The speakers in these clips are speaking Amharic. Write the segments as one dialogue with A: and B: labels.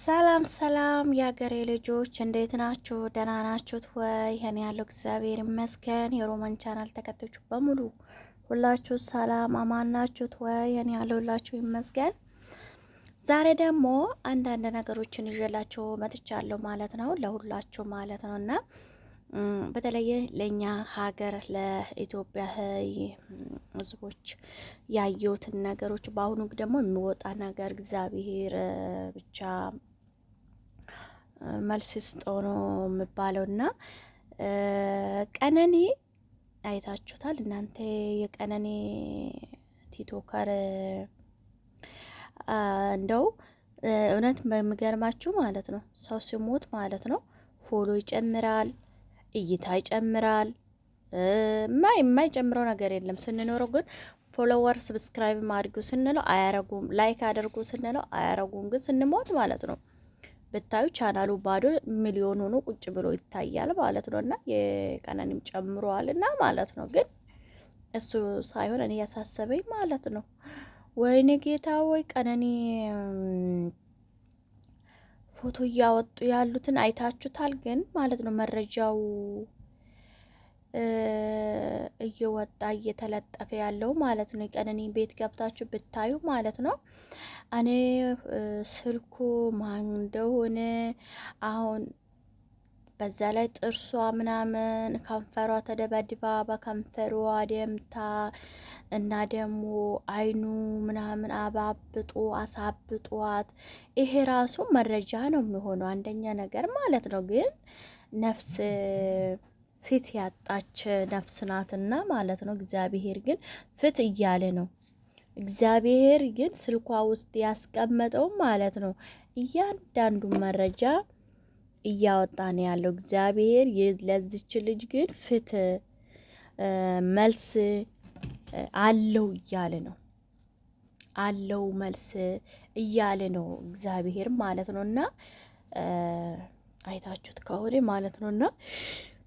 A: ሰላም ሰላም የሀገሬ ልጆች እንዴት ናችሁ? ደህና ናችሁት ወይ? ይህን ያለው እግዚአብሔር ይመስገን። የሮማን ቻናል ተከታዮች በሙሉ ሁላችሁ ሰላም አማን ናችሁት ወይ? እኔ ያለው ሁላችሁ ይመስገን። ዛሬ ደግሞ አንዳንድ ነገሮችን ይዤላችሁ መጥቻለሁ ማለት ነው፣ ለሁላችሁ ማለት ነው እና በተለየ ለእኛ ሀገር ለኢትዮጵያ ህዝቦች ያየሁትን ነገሮች በአሁኑ ደግሞ የሚወጣ ነገር እግዚአብሔር ብቻ መልስ ስጦ ነው የሚባለው እና ቀነኔ አይታችሁታል እናንተ የቀነኔ ቲቶከር እንደው እውነት በሚገርማችሁ ማለት ነው ሰው ሲሞት ማለት ነው ፎሎ ይጨምራል እይታ ይጨምራል። የማይጨምረው ነገር የለም። ስንኖረው ግን ፎሎወር ስብስክራይብ አድርጉ ስንለው አያረጉም፣ ላይክ አድርጉ ስንለው አያረጉም። ግን ስንሞት ማለት ነው ብታዩ ቻናሉ ባዶ ሚሊዮን ሆኖ ቁጭ ብሎ ይታያል ማለት ነው። እና የቀነኒም ጨምሯል እና ማለት ነው። ግን እሱ ሳይሆን እኔ ያሳሰበኝ ማለት ነው። ወይኔ ጌታ ወይ ቀነኒ ፎቶ እያወጡ ያሉትን አይታችሁታል። ግን ማለት ነው መረጃው እየወጣ እየተለጠፈ ያለው ማለት ነው። የቀነኒ ቤት ገብታችሁ ብታዩ ማለት ነው። እኔ ስልኩ ማን እንደሆነ አሁን በዛ ላይ ጥርሷ ምናምን ከንፈሯ ተደባድባ በከንፈሯ ደምታ እና ደግሞ አይኑ ምናምን አባብጦ አሳብጧት። ይሄ ራሱ መረጃ ነው የሚሆነው አንደኛ ነገር ማለት ነው። ግን ነፍስ ፍት ያጣች ነፍስ ናትና ማለት ነው። እግዚአብሔር ግን ፍት እያለ ነው። እግዚአብሔር ግን ስልኳ ውስጥ ያስቀመጠው ማለት ነው እያንዳንዱ መረጃ እያወጣ ነው ያለው። እግዚአብሔር ለዚች ልጅ ግን ፍትህ መልስ አለው እያለ ነው አለው መልስ እያለ ነው እግዚአብሔር ማለት ነው። እና አይታችሁት ከሆነ ማለት ነው እና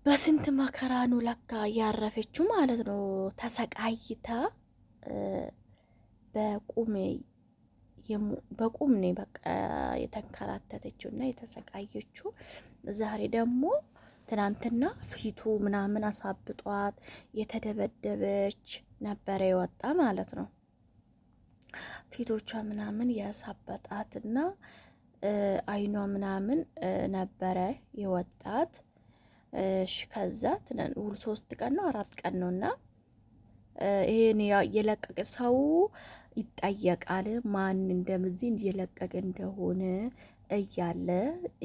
A: በስንት መከራ ነው ለካ ያረፈችው ማለት ነው ተሰቃይታ በቁሜ በቁም ነው በቃ የተንከራተተችው እና የተሰቃየችው። ዛሬ ደግሞ ትናንትና ፊቱ ምናምን አሳብጧት የተደበደበች ነበረ የወጣ ማለት ነው። ፊቶቿ ምናምን ያሳበጣት እና አይኗ ምናምን ነበረ የወጣት። እሺ ከዛ ሶስት ቀን ነው አራት ቀን ነው እና ይሄን የለቀቀ ሰው ይጠየቃል። ማን እንደምዚህ እየለቀቅ እንደሆነ እያለ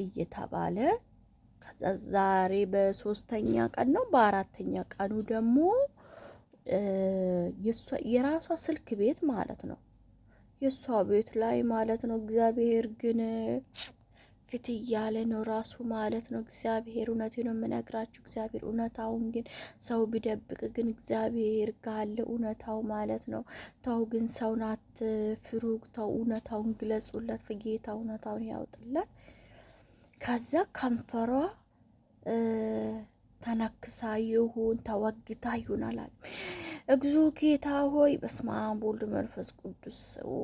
A: እየተባለ ከዛ ዛሬ በሶስተኛ ቀን ነው። በአራተኛ ቀኑ ደግሞ የራሷ ስልክ ቤት ማለት ነው የእሷ ቤት ላይ ማለት ነው። እግዚአብሔር ግን ፍት እያለ ነው ራሱ ማለት ነው። እግዚአብሔር እውነቴ ነው የምነግራችሁ። እግዚአብሔር እውነታውን ግን ሰው ቢደብቅ ግን እግዚአብሔር ጋለ እውነታው ማለት ነው። ተው ግን ሰውን አትፍሩ። ተው እውነታውን ግለጹለት። ጌታ እውነታውን ያውጥለት። ከዛ ከንፈሯ ተነክሳ ይሁን ተወግታ ይሁን አላለም። እግዚኦ ጌታ ሆይ፣ በስመ አብ ወልድ መንፈስ ቅዱስ ኦ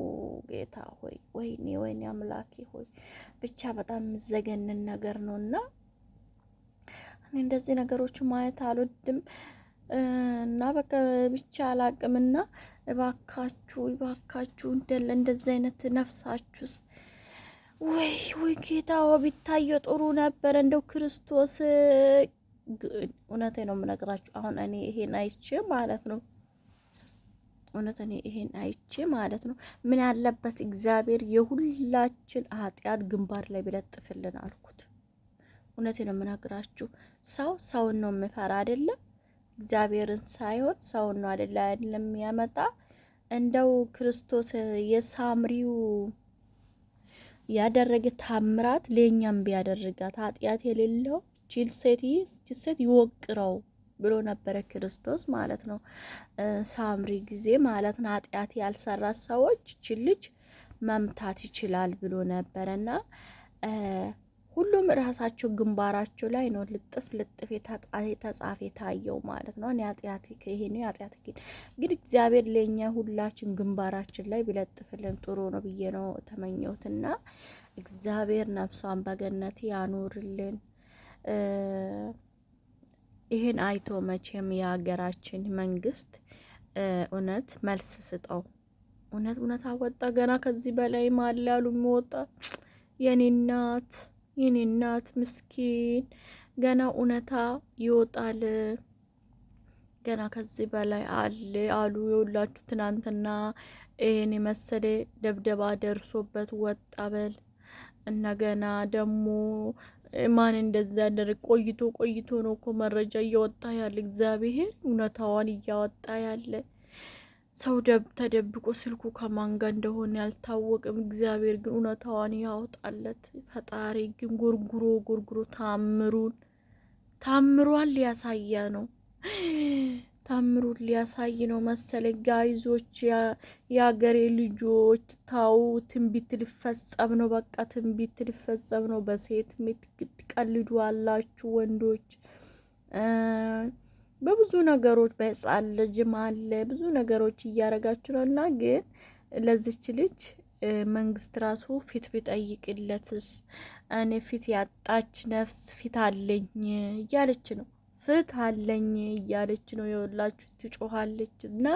A: ጌታ ሆይ፣ ወይኔ ወይኔ አምላኬ ሆይ፣ ብቻ በጣም የምዘገንን ነገር ነው እና እኔ እንደዚህ ነገሮች ማየት አልወድም እና በቃ ብቻ አላቅምና፣ እባካችሁ እባካችሁ እንደዚህ አይነት ነፍሳችሁስ ወይ ወይ ጌታ ቢታየ ጥሩ ነበረ እንደው ክርስቶስ እውነቴ ነው የምነግራችሁ። አሁን እኔ ይሄን አይቼ ማለት ነው እውነት እኔ ይሄን አይቼ ማለት ነው ምን ያለበት እግዚአብሔር የሁላችን ኃጢአት ግንባር ላይ ቢለጥፍልን አልኩት። እውነት ነው የምነግራችሁ። ሰው ሰውን ነው የሚፈራ አይደለም፣ እግዚአብሔርን ሳይሆን ሰውን ነው አይደለ አይደለም ያመጣ እንደው ክርስቶስ የሳምሪው ያደረገ ታምራት ለእኛም ቢያደርጋት ኃጢአት የሌለው ችል ሴት ይወቅረው ብሎ ነበረ ክርስቶስ ማለት ነው። ሳምሪ ጊዜ ማለት ነው። ኃጢአት ያልሰራ ሰዎች ችልጅ መምታት ይችላል ብሎ ነበረ እና ሁሉም ራሳቸው ግንባራቸው ላይ ነው ልጥፍ ልጥፍ የተጻፈ የታየው ማለት ነው። እኔ ኃጢአት ይሄ ነው ኃጢአት ግን እግዚአብሔር ለእኛ ሁላችን ግንባራችን ላይ ቢለጥፍልን ጥሩ ነው ብዬ ነው ተመኘሁትና እግዚአብሔር ነፍሷን በገነት ያኑርልን። ይህን አይቶ መቼም የሀገራችን መንግስት እውነት መልስ ስጠው። እውነት እውነት አወጣ። ገና ከዚህ በላይ ማላሉ የሚወጣ የኔ እናት የኔ እናት ምስኪን፣ ገና እውነታ ይወጣል። ገና ከዚህ በላይ አለ አሉ የሁላችሁ። ትናንትና ይህን የመሰለ ደብደባ ደርሶበት ወጣ በል እና ገና ደግሞ ማን እንደዚህ ያደረግ ቆይቶ ቆይቶ ነው እኮ መረጃ እያወጣ ያለ እግዚአብሔር እውነታዋን እያወጣ ያለ ሰው ተደብቆ ስልኩ ከማን ጋር እንደሆነ ያልታወቅም። እግዚአብሔር ግን እውነታዋን ያወጣለት። ፈጣሪ ግን ጎርጉሮ ጎርጉሮ ታምሩን ታምሯን ሊያሳያ ነው። ታምሩ ሊያሳይ ነው መሰለ። ጋይዞች የአገሬ ልጆች ታው ትንቢት ልፈጸም ነው። በቃ ትንቢት ልፈጸም ነው። በሴት ምትቀልዱ አላችሁ ወንዶች፣ በብዙ ነገሮች በህፃን ልጅም አለ ብዙ ነገሮች እያረጋችሁ ነው። እና ግን ለዚች ልጅ መንግስት ራሱ ፊት ቢጠይቅለትስ እኔ ፊት ያጣች ነፍስ ፊት አለኝ እያለች ነው አለኝ እያለች ነው የወላችሁ ትጮኋለች እና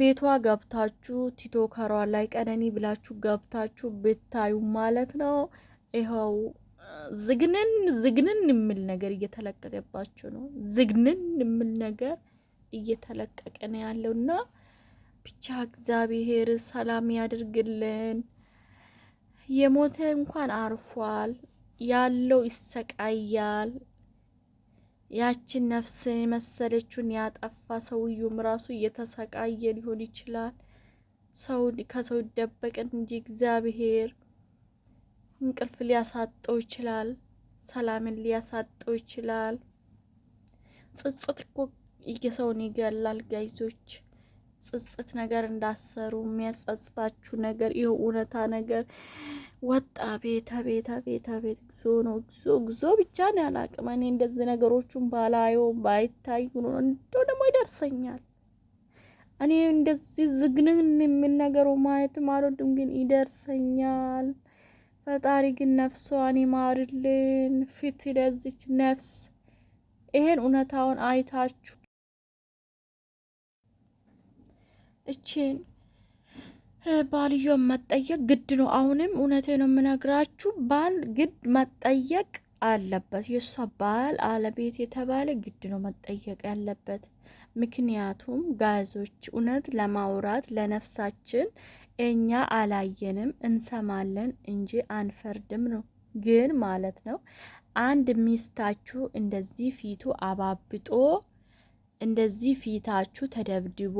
A: ቤቷ ገብታችሁ ቲቶከሯ ላይ ቀነኒ ብላችሁ ገብታችሁ ብታዩ ማለት ነው ይኸው ዝግንን ዝግንን የሚል ነገር እየተለቀቀባቸው ነው። ዝግንን የሚል ነገር እየተለቀቀ ነው ያለውና ብቻ እግዚአብሔር ሰላም ያድርግልን። የሞተ እንኳን አርፏል፣ ያለው ይሰቃያል። ያችን ነፍስን የመሰለችውን ያጠፋ ሰውዬውም ራሱ እየተሰቃየ ሊሆን ይችላል። ሰው ከሰው ይደበቅን እንጂ እግዚአብሔር እንቅልፍ ሊያሳጠው ይችላል። ሰላምን ሊያሳጠው ይችላል። ጽጽት እኮ የሰውን ይገላል ጋይዞች። ጽጽት ነገር እንዳሰሩ የሚያጸጽታችሁ ነገር ይህ እውነታ ነገር ወጣ ቤት ቤት ቤት ቤት ግዞ ነው ግዞ ግዞ ብቻ ነው ያላቅም። እኔ እንደዚህ ነገሮቹን ባላዩ ባይታይ ነው እንደው ደግሞ ይደርሰኛል። እኔ እንደዚህ ዝግንን የምን ነገሩ ማየትም አልወድም፣ ግን ይደርሰኛል። ፈጣሪ ግን ነፍሷን ይማርልን፣ ፊት ለዚች ነፍስ ይሄን እውነታውን አይታችሁ እቺን ባልየው መጠየቅ ግድ ነው። አሁንም እውነቴ ነው የምነግራችሁ፣ ባል ግድ መጠየቅ አለበት። የእሷ ባል አለቤት የተባለ ግድ ነው መጠየቅ ያለበት። ምክንያቱም ጋዞች እውነት ለማውራት ለነፍሳችን እኛ አላየንም እንሰማለን እንጂ አንፈርድም ነው ግን ማለት ነው አንድ ሚስታችሁ እንደዚህ ፊቱ አባብጦ እንደዚህ ፊታችሁ ተደብድቦ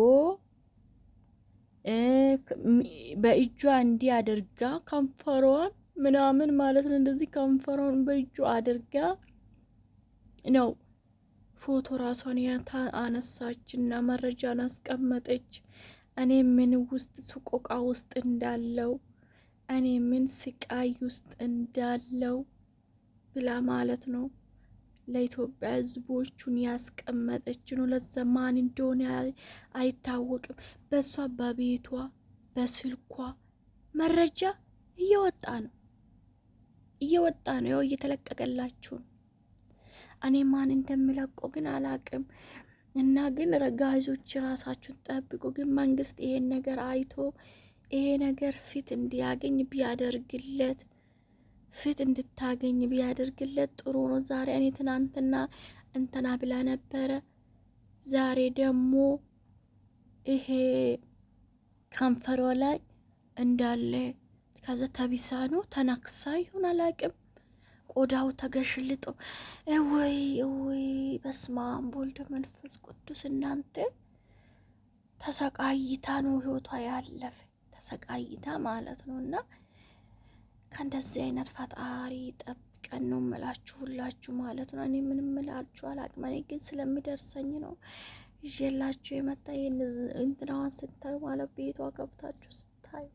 A: በእጇ እንዲህ አድርጋ ከንፈሯን ምናምን ማለት ነው። እንደዚህ ከንፈሯን በእጁ አድርጋ ነው ፎቶ ራሷን አነሳችና መረጃን አስቀመጠች። እኔ ምን ውስጥ ስቆቃ ውስጥ እንዳለው እኔ ምን ስቃይ ውስጥ እንዳለው ብላ ማለት ነው። ለኢትዮጵያ ህዝቦቹን ያስቀመጠች ነው። ለዛ ማን እንደሆነ አይታወቅም። በእሷ በቤቷ በስልኳ መረጃ እየወጣ ነው እየወጣ ነው። ያው እየተለቀቀላችሁ ነው። እኔ ማን እንደሚለቀው ግን አላቅም። እና ግን ረጋዞች ራሳችሁን ጠብቁ። ግን መንግስት ይሄን ነገር አይቶ ይሄ ነገር ፊት እንዲያገኝ ቢያደርግለት ፍት እንድታገኝ ቢያደርግለት ጥሩ ነው። ዛሬ እኔ ትናንትና እንትና ብላ ነበረ፣ ዛሬ ደግሞ ይሄ ከንፈሯ ላይ እንዳለ ከዛ ተቢሳ ነው ተናክሳ ይሁን አላቅም። ቆዳው ተገሽልጦ እወይ እወይ፣ በስመ አብ ወልድ መንፈስ ቅዱስ። እናንተ ተሰቃይታ ነው ህይወቷ ያለፈ ተሰቃይታ ማለት ነው እና ከእንደዚህ አይነት ፈጣሪ ጠብቀን ነው ምላችሁ ሁላችሁ ማለት ነው። እኔ ምንም ምላችሁ አላቅም። እኔ ግን ስለሚደርሰኝ ነው ይዤላችሁ የመጣ እንትናዋን ስታዩ ማለት ቤቷ ገብታችሁ ስታዩ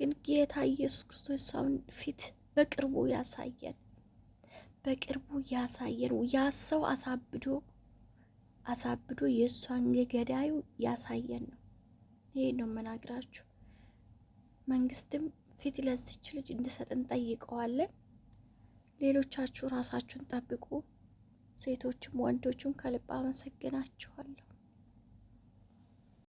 A: ግን ጌታ ኢየሱስ ክርስቶስ እሷን ፊት በቅርቡ ያሳየን፣ በቅርቡ ያሳየን። ያ ሰው አሳብዶ አሳብዶ የእሷን ገዳዩ ያሳየን ነው። ይሄ ነው መናግራችሁ መንግስትም ፊት ለዚች ልጅ እንድሰጥ እንጠይቀዋለን። ሌሎቻችሁ ራሳችሁን ጠብቁ። ሴቶችም ወንዶችም ከልብ አመሰግናችኋለሁ።